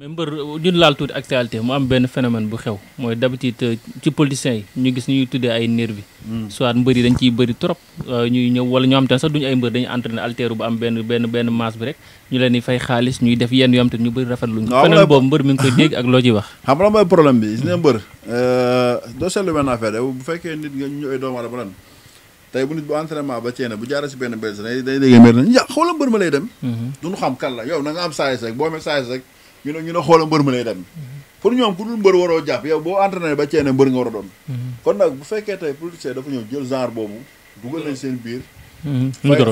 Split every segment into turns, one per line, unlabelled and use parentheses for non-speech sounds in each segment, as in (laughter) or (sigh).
mais mbër ñun laal tuuti actualité mu am benn phénomène bu xew mooy d'habitude euh, ci politiciens yi ñu gis ñuy tuddee ay nervi hmm. soit mbër yi dañ ciy bëri trop euh, ñuy ñu def yenn yoo ñu bëri rafetluñ phénomène boobu mbër (laughs)
bi gis euh, bu fekkee nit nga ñu ñëwee doomu aadama lan tey bu nit bu entraînement ba bu jaara si benn bés day day dégg mbër na ya xoola mbër ma lay dem hmm. duñu xam kan la yow na am saayis rek ñu ne ñu ne xoola mbër ma lay dem pour ñoom ku dul mbër waroo jàpp yow boo entraîné ba ceene mbër nga war a doon kon nag bu fekkee tey politicien dafa ñëw jël genre boobu dugal nañ seen biir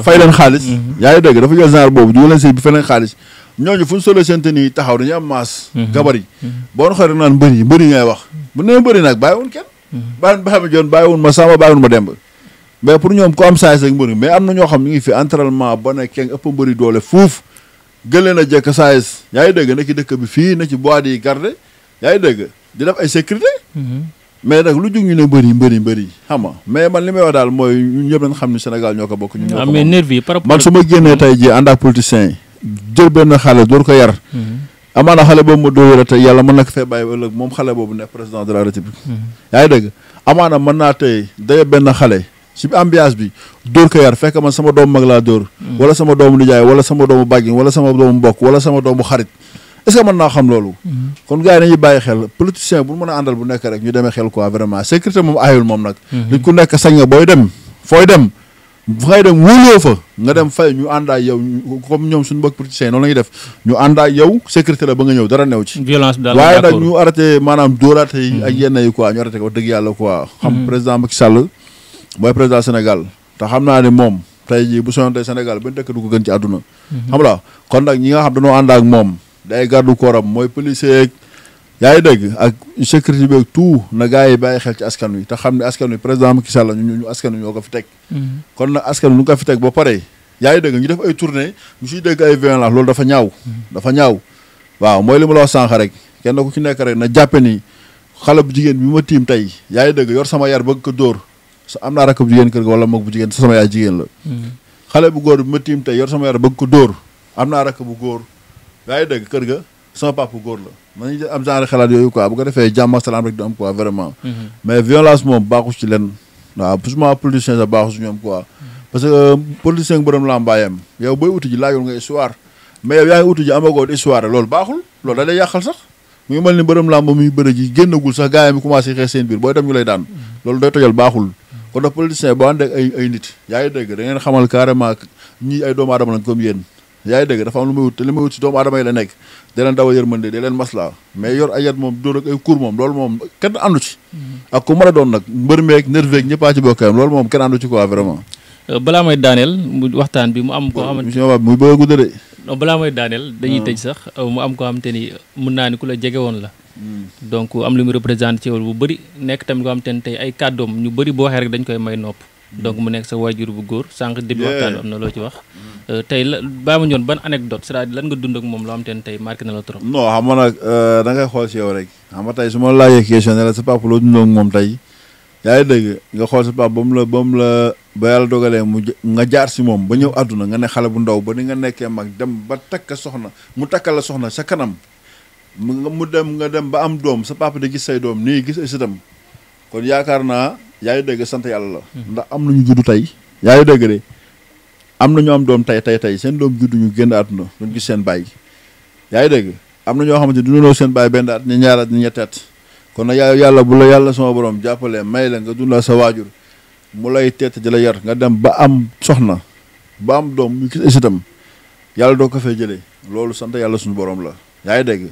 fay xaalis mm-hmm.
yaa ngi dégg dafa jël genre boobu dugal nañ seen biir fay leen xaalis ñooñu fu ñu solo seen tenue yi taxaw dañuy am maas mm-hmm. gabar yi mm-hmm. boo xoolee naan mbër yi mbër yi ngay wax bu nee mbër yi nag bàyyiwun kenn bàyyiwun ba xam joon bàyyiwun ma sàmba bàyyiwun ma demb mais pour ñoom ku am saay rek mbër mais am na ñoo xam ñu ngi fi entraînement ba ne keng ëpp mbëri doole fuuf gële na jekk saayes yaa ngi dégg na ci dëkk bi fii na ci bois yi garde yaa ngi dégg di def ay sécurité mhm. mais nag lu jug ñu ne mbëri mbëri mbëri xam nga mais man li may wax daal mooy ñun ñëpp nañ xam ni Sénégal ñoo ko bokk ñu ñoo ko ah, mais
nervi yi man su
ma génnee mhm. tey ji ànd ak politiciens yi jël benn xale door ko yar mhm. amaana xale boobu ma dóor tey yàlla mën na ko fee bàyyi ëllëg moom xale boobu nekk président de la république yaa ngi dégg amaana mën naa tey daye benn xale si ambiance bi dóor ko yar fekk man sama doomu mag laa dóor wala sama doomu nijaay wala sama doomu bàggin wala sama doomu mbokk wala sama doomu xarit est ce que naa xam loolu mm-hmm. kon gars yi nañuy bàyyi xel politicien bu mën a àndal bu nekk rek ñu demee xel quoi vraiment sécurité moom aayul moom nag mm-hmm. nit ku nekk sañ booy dem fooy dem fu ngay dem wóoloo fa ñu àndaa yow comme ñoom suñu mbokk politiciens noonu la ñuy def ñu ba nga ñëw dara new ci violence daal waaye nag ñu arrêté maanaam dóoraate yi ak mm-hmm. yenn yi quoi ñu arrêté ko dëgg yàlla quoi xam président Macky Sall mooy président Sénégal te xam naa ne moom tey jii bu soñoon tey Sénégal benn dëkk du ko gën ci àdduna mhm. xam la kon nag ñi nga xam noo ànd ak moom day gardu kooram mooy policier yeeg yaa ngi dégg ak sécurité bi ak tout na gars yi bàyyi xel ci askan wi te xam ne askan wi président Macky Sall ñu askan wi ñoo ko fi teg mhm. kon nag askan wi ñu fi teg ba pare yaa ngi dégg ñu def ay tournée ñu si dégg ay violence loolu dafa ñaaw mhm. dafa ñaaw waaw mooy li la wax sànq rek kenn ku ci nekk rek na jàppe ni xale bu jigéen bi ma tiim tey yaa ngi dégg yor sama yar bëgg ko dóor sa am naa rakk bu jigéen kër ga wala mok bu jigen sa sama yaay jigen la hmm. xale bu góor metim tay yor sama yar bëgg ko door amna naa bu góor gay deug keur kër ga sama papa góor la man ñu am genre xalaat yoyu quoi bu ko defee jamm salam rek du am quoi vraiment hmm. mais violence mom baaxu ci len wa plus ma politicien sa baaxu ñom quoi hmm. parce que euh, politicien borom la mbayam yow boy wutu ji la yoon nga histoire mais yow yaay wutu uti ji amagoo histoire lool baaxul lool da lay yàqal sax mu ngi mel ni borom làmb muy bëre ji gennagul sax gaay mi commencé xé seen bir boy dem ñu lay daan lool day tojal baaxul kon nag politicien boo ànd ak ay nit yaa ngi dégg da ngeen xamal carrément ñii ay doomu aadama lañ comme yéen yaa ngi dégg dafa am lu may wut te li may wut si doomu aadama yi la nekk da leen daw a yërmande da leen masla mais yor ay yat moom dóor ak ay kuur moom loolu moom kenn àndu ci mm-hmm. ak ku man a doon nag mbër meeg nerveeg ñëppaa ci bokkam loolu moom kenn àndu ci quoi vraiment
euh, balaa may daaneel mu waxtaan bi mu am koo xamante ni muy bëgg a gudd de balaa may daaneel dañuy ah. tëj sax euh, mu am koo xamante ni mën naa ni ku la jege woon la donc am lu mu représenté ci bu bëri nekk tamit ko am teen tey ay kàddoom ñu bëri boo waxee rek dañ koy may nopp donc mu nekk sa waajur bu góor sànq début waxtaan bi na loo ci wax euh, tey la baa ma ñoon ban anecdote c'est-à-dire lan nga dund ak moom loo am te ne tey marqué na la trop
non nga nag si euh, yow rek xam nga tey su ma laajee question ne sa papa loo dund ak moom tey yaa ngi dégg nga xool sa papa ba mu la ba mu la ba yàlla dogalee mu nga jaar si moom ba ñëw àdduna nga ne xale bu ndaw ba ni nga nekkee mag dem ba takka soxna mu takkal la soxna sa kanam mu dem nga dem ba am doom sa papa di gis say doom gis ci dem kon yaakaar naa yaa dégg sant yalla la ndax am nañu juddu tay yaay deug re am nañu am doom tay tay tay sen doom juddu ñu génn àdduna duñ gis sen bay yaay deug am nañu ñoo xamante du seen bàyyi benn at ñu ni at kon na yaay yalla bu la yalla sama borom jappale may la nga dund sa wajur mu lay tet di la yar nga dem ba am soxna ba am doom ñu gis ci dem yalla do ko lolu sant yalla suñu borom la yaay deug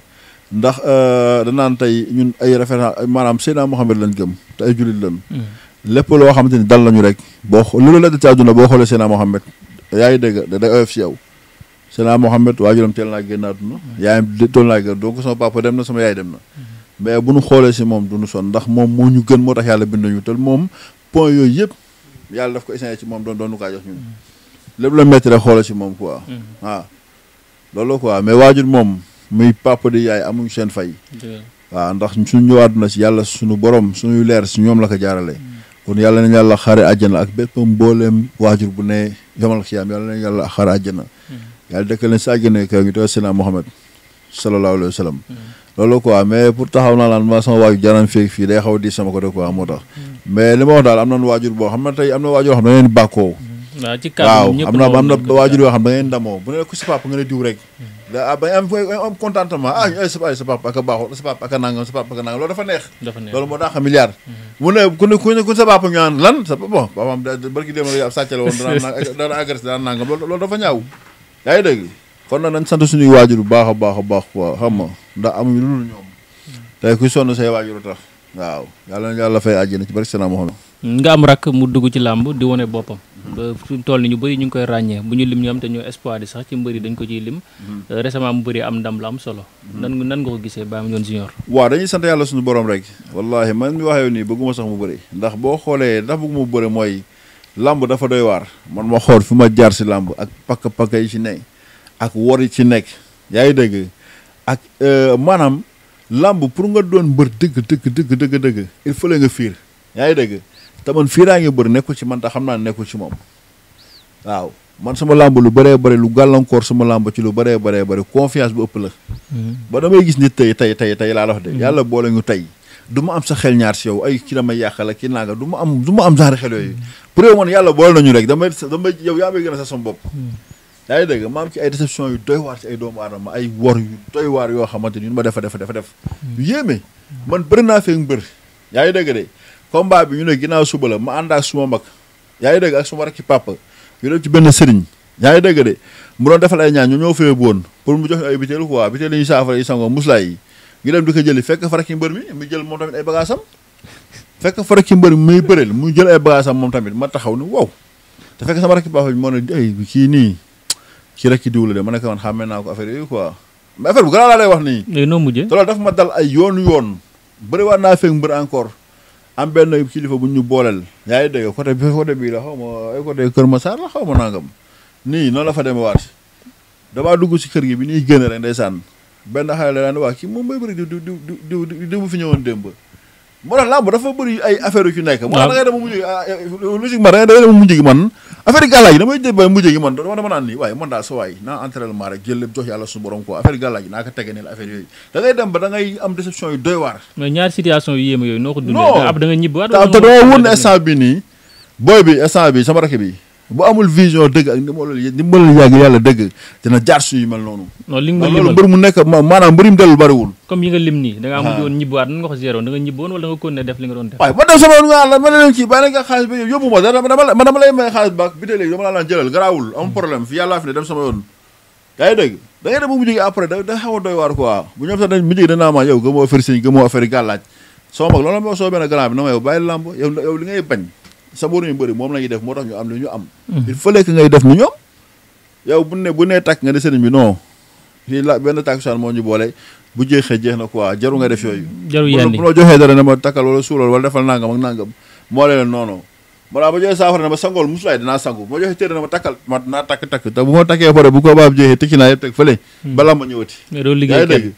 ndax euh, danaan tey ñun ay référence maanaam Seydina Mohamed lañ gëm te ay jullit lañ hmm. lépp loo xamante ni dal nañu rek boo lu la da ci àdduna boo xoolee Seydina Mohamed yaa ngi dégg da day oyof si yow Seydina Mohamed waajuram teel naa génn àdduna hmm. yaayam toll naa gër donc sama papa dem na sama yaay dem na hmm. mais bu ñu xoolee si moom du ñu sonn ndax moom moo ñu gën moo tax yàlla bind ñu te moom point yooyu yëpp yàlla daf ko essayé ci moom doon doonu kaa jox ñun
lépp la métti rek si moom quoi
waaw loolu quoi mais waajur moom muy papa di yaay amuñ seen fay. waaw ndax suñu ñëwaat na si yàlla suñu borom suñuy leer si ñoom la ko jaarale kon yàlla nañ yàlla xaare àjjana ak bépp mbooleem waajur ne yomal xiyaam yàlla nañ yàlla xaare àjjana
mm.
yàlla dëkkal leen si àjjana kaw ñu teew seen Muhammad sallallahu alayhi wa sallam mm. loolu quoi mais pour taxaw naa laan ma sama waajur jaaraan fii fii day xaw di sama côté quoi moo tax mm. mais li ma wax daal am nañ waajur boo xam ne tey am na waajur xam ne leen bàkkoo
waaw ci kàddu ñëpp am na am na waajur yoo xam da
ngeen ndamoo bu ne ku sa nga diw rek da ba am am contentement ah ay sa ay sa papa ak baaxul sa papa ak nangam sa papa ak nangam loolu dafa neex loolu moo daa xam milliard mu ne ku ne ku lan sa bon papaam barki dem la ya sàccale woon dana dana agressé dana nangam loolu dafa ñaaw yaa ngi dégg kon nag nañ sant suñuy waajur bu baax baax a xam nga ndax amuñu lu ñoom tey ku sonn say waajur tax waaw yàlla na fay ci
nga am rak mu dugg ci di wone boppam fi mu toll ni ñu bëri ñu ngi koy ràññee bu ñu lim ñu am te ñoo espoir di sax ci mbëri dañ ko ciy lim mhm. euh, récemment mu bëri am ndam la am solo mhm. nan nan nga ko gisee Baye Mandione junior
waaw dañuy sant yàlla suñu borom rek wallahi man mi waxee nii bëgguma sax mu bëri ndax boo xoolee ndax bëgguma mu bëri lamb dafa doy waar man ma xool fi jaar si lamb ak pakk pakk yi ci nekk ak wor yi ci nekk yaa ngi dégg ak euh, maanaam lamb pour nga doon mbër dëgg dëgg dëgg il fallait nga fiir te man fii daa ngi bëri nekkul ci man te xam naa nekkul ci moom waaw man sama làmb lu bëree bëri lu gàllankoor sama làmb ci lu bëree bëree bëri confiance bu ëpp la. Mm-hmm. ba damay gis nit tey tey tey tey laa la de. Mm-hmm. yàlla boole ñu tey. du ma am sa xel ñaar si yow ay ki damay yàqal ak ki nanga du ma am du ma am genre xel yooyu. Mm-hmm. pour yow man yàlla boole nañu rek damay damay yow yaa may gën a sa sama bopp. yaa ngi dégg ma am ci ay déception yu doy waar ci ay doomu aadama ay wor yu doy waar yoo xamante ni ma defa defa defa def. yu yéeme man bëri naa fee mbër yaa ngi dégg combat bi ñu ne ginaaw suba la ma ànd ak suma mag yaay deug ak suma rakki papa yu dem ci benn serign yaay deug de mu doon defal ay ñaan ñu ñoo fee woon pour mu jox ay bitel quoi bitel ñu saafara yi sango musla yi ñu dem duka fekk fa rakki mbeur mi mu jël mom tamit ay bagasam fekk fa rakki mbeur mi may beurel mu jël ay bagasam mom tamit ma taxaw ni wow te fekk sama rakki papa mo ne ay ki ni ki rakki diw de ma ko man xamé na ko affaire yi quoi mais affaire bu gala laa lay wax ni ñoo mujjé daf ma dal ay yoon yoon bëri wa na fekk mbeur encore am benn kilifa bu ñu booleel yaa ngi dégg côté bi côté bii la xaw ma ay côté Kër Massar la xaw ma nangam nii noonu la fa demee waat damaa dugg si kër gi bi ñuy génn rek saan benn xale la daan waa kii moom mooy bëri diw diw diw diw diw bu fi ñëwoon démb moo tax làmb dafa bëri ay affaire yu ci nekk. waaw moo tax da ngay dem ba mujj ah, eh, eh, logiquement da ngay dem ba mujj gi man. affaire gàllaaj damay sa waay dem ba da am déception yu doy waar. mais ñaari situation yu yéeme yooyu noo ko dundee. ab da nga ñibbaat. te ne instant nii booy bi sama rakk bi boo amul vision dëgg ak ndimbalul ndimbalul yàgg yàlla dëgg dina jaar su yu mel noonu.
non li loolu mbër mu
nekk maanaam mbër mu dellu bariwul.
comme yi nga
sama yoon nga la ma ne leen kii
bàyyi ma dama dama
mu jógee après da mu jógee danaa ma soo mag loolu la ma soo benn bi na ma yow lamb yow li ngay bañ sabaru ñu bëri moom la ñuy def moo tax ñu am lu ñu am. Hmm. il fallait que ngay def ni ñoom. yow bu ne bu nee tàkk nga ne sëriñ bi non fii la benn tàkkusaan moo ñu boole bu jeexee jeex na quoi jaru nga def yooyu. jaru yenn bu la joxee dara ne ma takkal wala suulal wala defal nangam ak nangam moo leen non non. maanaam ba joxee saafara ne ma sangool musulaay dinaa sangu ma joxee téere ne ma takkal ma naa takk takk te bu ma takkee pare bu ko baab jeexee tekki naa yëpp teg fële. Hmm. balaa ma ñëwati. mais doo liggéey kenn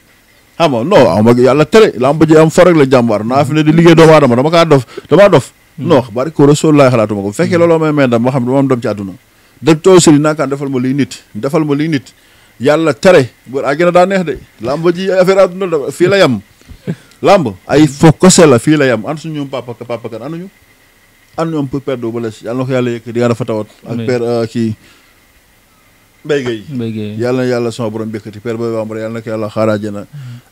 xam nga non am yàlla tere lamb ji am fa rek la jàmbaar naa fi ne di liggéey doomu aadama dama kaa dof damaa dof non xabaar ko rasulullah xalaatuma ko bu fekkee looloo may may ndam moo xam du ma am doom ci àdduna dëg too sëriñ naakaan defal ma liy nit defal ma liy nit yàlla tere bu àggina daa neex de làmb ji affaire àdduna fii la yam làmb ay fo kose la fii la yam an suñu papa papa kan anuñu an ñoom pour perdre ba les yàlla na ko yàlla yëkk di yàlla fa tawat ak père euh, kii Mbaye Gueye Mbaye Gueye yàlla na yàlla sama borom békkati père Boy Bambara yàlla a ko yàlla xaaraajana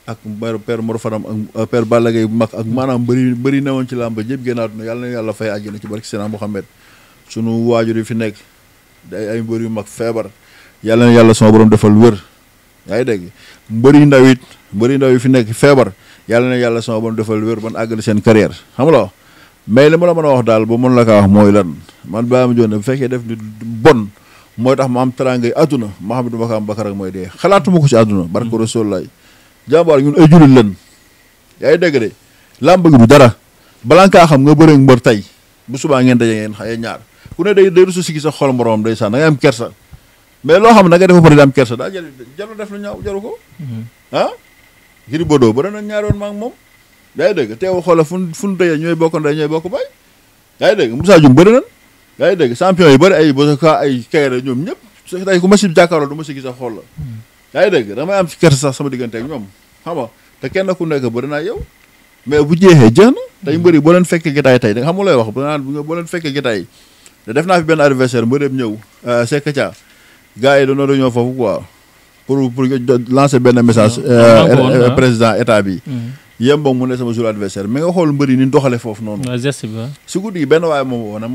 ak père Mor Fadam ak euh, père Balla Gaye bu mag ak maanaam bëri bëri newoon ci làmba ñëpp génn yàlla na yàlla fay àjjana ci waajur yi fi nekk day ay mbër yu mag feebar yàlla na yàlla sama borom defal wër yaa ngi dégg mbëri ndaw it mbëri ndaw yi fi nekk feebar yàlla na yàlla sama borom defal wër ban àggali seen carrière xam nga mais li ma la mën a wax daal ba mën la kaa wax mooy lan man bàyyi ma jox ne bu fekkee def ni bon moy tax ma am terangay aduna mahamadou bakam bakar ak moy de xalatuma ko ci aduna barko rasulullah jambar ñun ay jurul len yaay deg de lamb gi du dara blanka xam nga beure mbeur tay bu suba ngeen dajé ngeen xaye ñaar ku ne day rusu ci sa xol morom day sa nga am kersa mais lo xam nga def bari am kersa da jaru def lu ñaw jaru ko ha mhm. ah? giri bodo bu nyarun ñaaron ma ak mom day deg teew xol fu fu ndey ñoy bokk ndey ñoy bokk bay day deg musa jum beure yaa ngi dégg champion yu bëri ay Bosaka ay Kayra ñoom ñëpp tey ku ma si jàkkaarloo du ma si gis a xool la yaa ngi dégg damay am si kersa sax sama diggante ak ñoom xam nga te kenn ku nekk bëri naa yow mais bu jeexee jën na tey mbëri boo leen fekkee gitaay tey da nga xam lay wax boo leen fekkee gitaay te def naa fi benn adversaire mbëreem ñëw euh, Seck Thia gars yi dañoo dañoo foofu quoi pour pour lancer benn message ah, euh, ah. euh, président état bi mm-hmm. yemba mu ne sama jour adversaire mais nga xool mbër yi ni doxale foofu noonu si guddi benn waaye moom woon ni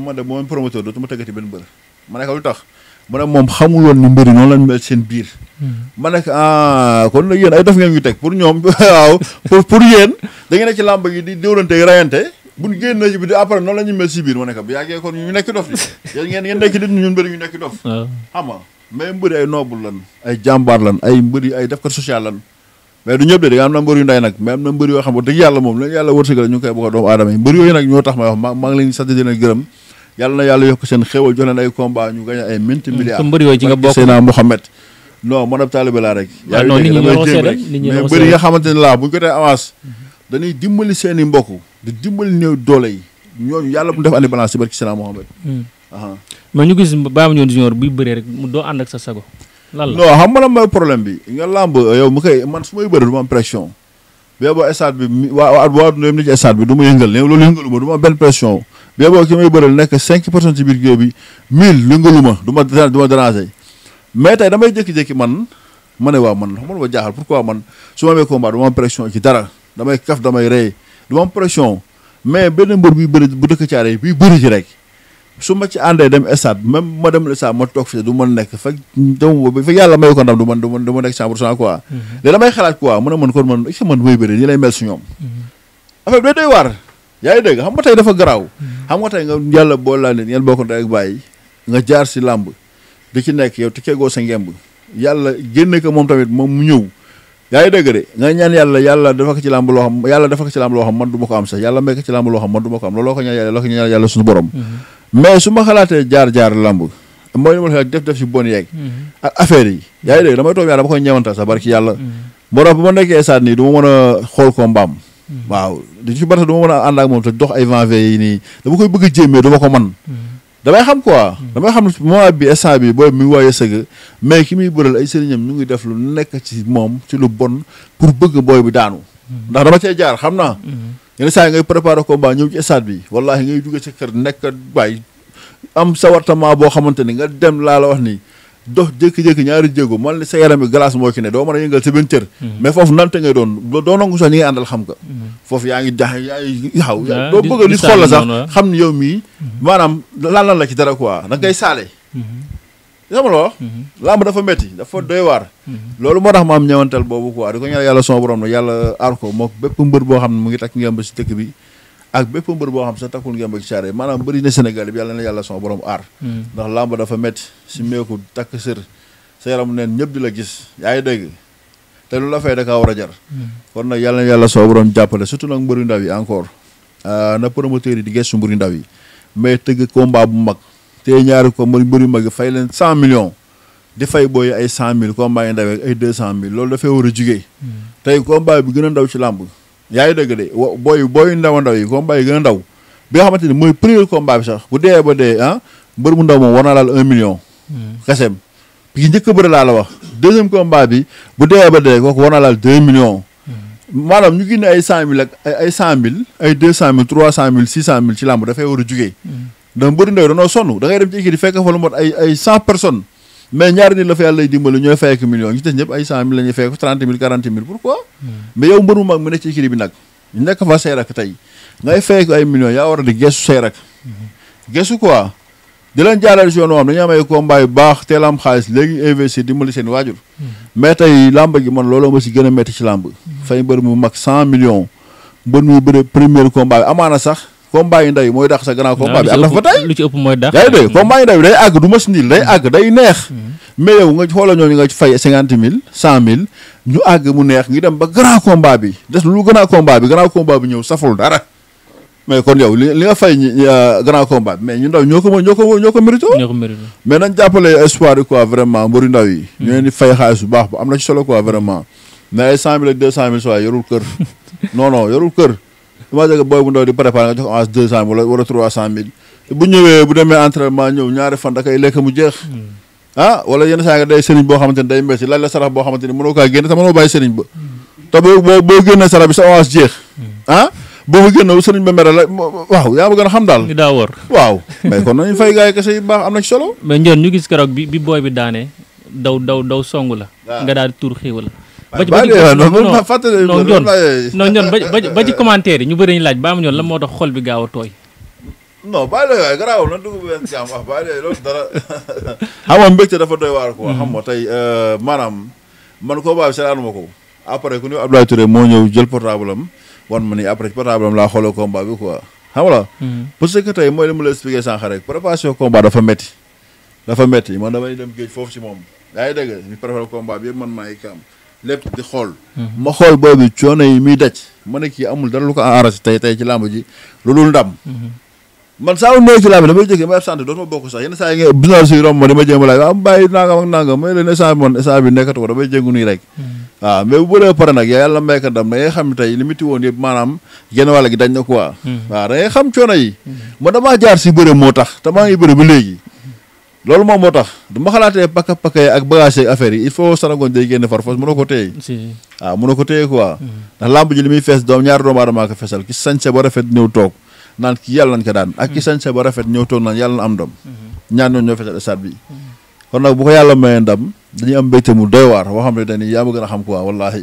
mbër yi noonu seen biir hmm. ma ne ko ah kon nag ay def ngeen ñu teg pour ñoom (laughs) waaw pour pour yéen da ngeen ne ci làmb yi di déwlante rayante buñ génn na ci bi après noonu la ñu si biir ma ne ko bu yàggee kon nekk dof di yéen ngeen ngeen nekk nit ñun mbër ñu nekk dof ay noble lan ay jàmbaar lan ay mbër yi def ko social lan mais du ñëpp de da am na mbër yu nday nag mais am na mbër yoo xam wax dëgg yàlla moom la yàlla wërsëgal ñu ngi koy bokk nag ñoo tax may wax ma maa ngi leen na yàlla yokk seen xéwal jox ay mm. ah, mais mbër yi nga xamante mm-hmm. dimbali seen i mbokk di dimbali néew doole yi ñooñu yàlla bu def andi balance ci barki Seydina Mohamed
mm. mais ñu buy bëree rek mu doo ànd ak sa sago lan la non
xam nga lan mooy problème bi nga làmb yow mu koy man su may bëri du ma am pression. bee boo stade bi waa bi du ma yëngal léegi loolu du ma benn pression bee boo ki may bëral nekk cinq personnes ci biir géew bi mille yëngaluma du ma du ma déranger mais tey damay jékki-jékki man ma ne waaw man xam nga lu ma jaaxal pourquoi man ma amee combat du ma am pression ci dara damay kaf damay rey du ma am pression mais benn mbër bi bëri bu dëkk caare bi bëri ci rek. su ma ci àndee dem stade même ma dem stade ma toog fii du ma nekk fekk dem fekk yàlla mayu ko ndam du man du man du ma nekk cent pour cent quoi. Mhm. léegi damay xalaat quoi mu ne man kon man mhm. dafa garaaw. Mhm. xam nga tey nga yàlla bool laa nit ngeen ko moom tamit moom mu ñëw. yaa ngi dégg de nga ñaan yàlla yàlla dafa ko ci làmb loo xam yàlla dafa ko ci làmb loo xam man du ma ko am sax yàlla may ko ci làmb loo xam man du ma ko am looloo ko ñaan yàlla suñu borom mais su ma xalaatee jaar-jaar lamb mooy li ma la def def si bon yeeg. Mm-hmm. ak affaire yi. yaa ngi dégg damay toog yàlla dama koy ñëwanta sa barki yàlla. moo mm-hmm. tax bu ma nekkee stade nii ma mën a xool ko mm-hmm. waaw li ci bari du a ànd ak moom dox ay vent nii dama koy bëgg a jéemee du ma ko mën. damay xam quoi. damay xam moment bi instant bi booy mi ngi waaye sëgg mais ki muy bëral ay sëriñam ñu ngi def lu nekk ci moom ci lu bon pour bëgg booy bi daanu. ndax dama cee jaar xam naa. yenn saa yi ngay préparer combat ñëw ci stade bi sa kër nekk waay am sawartament boo xamante ni nga dem laa la wax ni dox jékki-jékki ñaari jéego man ni sa yaram bi glace moo ci ne doo mën a yëngal sa benn cër mm-hmm. mais foofu nante ngay doon doo nangu sax ñi ngay àndal xam nga mm-hmm. foofu yaa ngi jax yaa ngi xaw doo bëgg nit xool la sax xam ni yow mii mm-hmm. maanaam laal la ci dara quoi da ngay saale xam lo mhm. lamb dafa metti dafa mhm. doy waar mhm. loolu moo tax ma am ñewantal boobu quoi di ko ñaan yàlla sama borom nag yàlla ko moog bépp mbër boo xam mu ngi takk ngemb si dëkk bi ak bépp mbër boo xam sa takul ngemb ci saare maanaam bëri na sénégal bi yàlla na yàlla sama borom aar ndax lamb dafa metti si meeku takk sër sa yaram neen ñëpp di la gis yaay ngi dégg te lu la fay da kaa war a jar kon nag yàlla na yàlla sama borom jàppale surtout nag mbëri ndaw yi encore ah, na promoteur di gestu mbëri ndaw mais tëgg combat bu mag te ñaari ko mbër mbëri mag fay leen cent millions di fay booy ay cent mill combat yi ndawee ay deux cent mille loolu dafay war a jigée hmm. te combat bi gën a ci làmb yaa ngi dëgg de booy booy ndaw a ndaw yi gën a ndaw bi xamante ni mooy premier combat bi bu dee ba dee ah mbër mu ndaw moom war naa laal un million kasem hmm. bi njëkk bëri laa la wax deuxième combat bi bu dee ba dee kooku war naa laal deux millions hmm. ñu génne ay cent mille ak ay cent mille ay deux cent mille trois cent mille six cent mille ci làmb dafay war a jugee dama bëri ndaw danoo sonn da dem ci équipe di fekk fa lu mot ay ay cent personnes mais ñaari nit la fa yàlla dimbali ñooy fay ak million ñi ci des ñëpp ay cent hmm. nekk fa say rak tey ngay fay ko ay million yaa war a di gesu say rak hmm. gesu quoi di leen jaarale si yoonu am dañu am ay combat yu baax teel am xaalis léegi investir dimbali seen waajur. Hmm. mais tey làmb gi man looloo ma si gën a métti ci làmb. fay mbër mu mag cent million mbër muy bëre premier combat bi amaana sax. combat yi ndaw mooy dàq sa grand combat bi am na fa tey
lu ci ëpp mooy dàq yaa ngi dégg combat
day àgg du mas niil day àgg day neex mm-hmm. mais yow nga xoola ñooñu nga fay cinquante mille cent mille ñu àgg mu neex ngi dem ba grand combat bi des lu grand combat bi grand combat bi ñëw saful dara mais kon yow li li nga fay euh, grand combat mais ñu ndaw ñoo ko ñoo ko ñoo ko mérito mais nañ jàppale espoir yi quoi vraiment mbëri ndaw yi mm-hmm. fay xaalis bu baax am na ci solo quoi vraiment (laughs) mais ay cent mille ak deux cent mille so yorul kër non yorul kër damaa jóge booy bu ndaw di préparé nga jox avance deux cent mille bu ñëwee bu demee entraînement ñëw ñaari fan da koy lekk mu jeex hmm. ah wala yenn saa nga day sëriñ boo xamante ni day metti laaj la sarax boo xamante ni mënoo kaa génn te mënoo bàyyi sëriñ ba hmm. te boo boo génnee sarax bi sa avance jeex hmm. ah boo fa génn sëriñ ba mere waaw yaa ma gën a xam daal. li daa war waaw mais kon nañu fay gars yi kese yu baax
am na ci solo mais ñoon ñu gis keroog bi bi booy bi daanee daw daw daw song la nga daal di tuur xiiw ba ci ba non ñoon non ñoon ba commentaire yi ñu bëri ñu laaj ba am ñoon la moo tax xol bi gaaw a tooy
non bàyyi la la loolu dara (laughs) xam nga mbégte
dafa doy waar ko hmm. xam nga tey euh, maanaam man
koo baabi seetaanu ma ko après ku ñu Abdoulaye Touré moo ñëw jël portable am wan ma ni après ci portable laa xoolee combat bi quoi xam nga hmm. parce que tey mooy li mu la expliqué sànq rek préparation combat dafa metti dafa metti man damay dem géej foofu ci moom yaa ngi dégg ñu préparé combat bi lépp di xool. Mhm. ma xool boobu coono yi muy daj. ma ne kii amul dara lu ko arrangé tey tey ci làmb ji lu dul ndam. Mhm. man saa wu ci làmb damay jékki damay absent dootuma bokk sax yenn saa yi nga business yi romb ma damay a laaj waaw bàyyi nangam ak nangam may leen ko damay jéngu nii rek. Mhm. waaw mais bu bëree pare nag yàlla may ko ndam da ngay xam tey woon yëpp maanaam genn wàll dañ na quoi. waaw da ngay xam yi. ma damaa jaar si bëre moo tax te maa ngi bëre ba léegi. loolu moom moo tax du ma xalaatee paka paka yi ak bagage yeeg affaire yi il faut Sanokone day génne far foos mënoo ko téye. si waaw ah, mënoo ko téye quoi. Mm-hmm. ndax làmb ji li muy fees doom ñaari doomu aadama ko fesal ki sañse ba rafet ñëw toog naan yàlla nañ ko daan. ak ki mm-hmm. sañse ba rafet ñëw toog naan yàlla am ndam. Mm-hmm. ñaar ñooñu ñoo fesal stade kon nag bu ko yàlla mayee ndam dañuy am mbégte mu doy waar boo xam ne dañuy yaa ma gën a xam quoi wallaahi.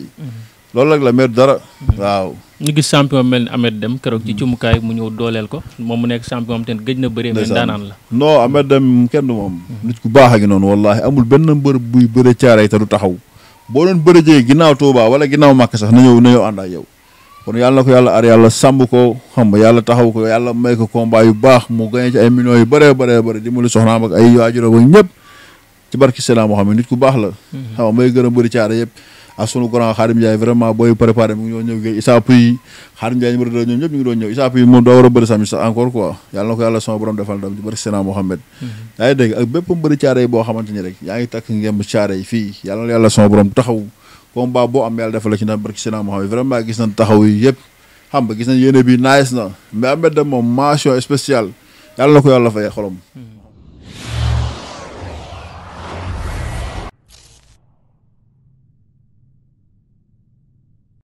loolu rek la mer dara. waaw.
ñu gis champion mel ni Ahmed Deme keroog ci hmm. cumukaay mu ñëw dooleel ko moom mu nekk champion am te gëj na bëree mais daanaan la
non Ahmed Deme kenn du moom hmm. nit ku baax a ngi noonu wallaahi benn mbër buy bëre caare te du taxaw boo doon bëre jege ginnaaw Touba wala ginnaaw Màkk sax na ñëw na ñëw ànd ak kon yàlla ko yàlla ar yàlla sàmm ko xam nga yàlla taxaw ko yàlla may ko combat yu baax mu gañe ci ay millions yu bëree bëree bëri di mu li soxnaam ak ay waajuram ak ñëpp ci barki salaam moo xam ne nit ku baax la hmm. xam nga may a bëri caare yëpp ak sunu grand Xaadim Ndiaye vraiment booy préparé mu ngi doon ñëw Issa Pouye Xaadim Ndiaye numéro 2 a na ko mhm. yi boo xamante ni rek yaa ngi takk ngemb caare na yàlla sama borom taxaw combat boo am yàlla defal la ci ndam barki Sénat Mohamed vraiment gis nañ taxaw na mais Ahmed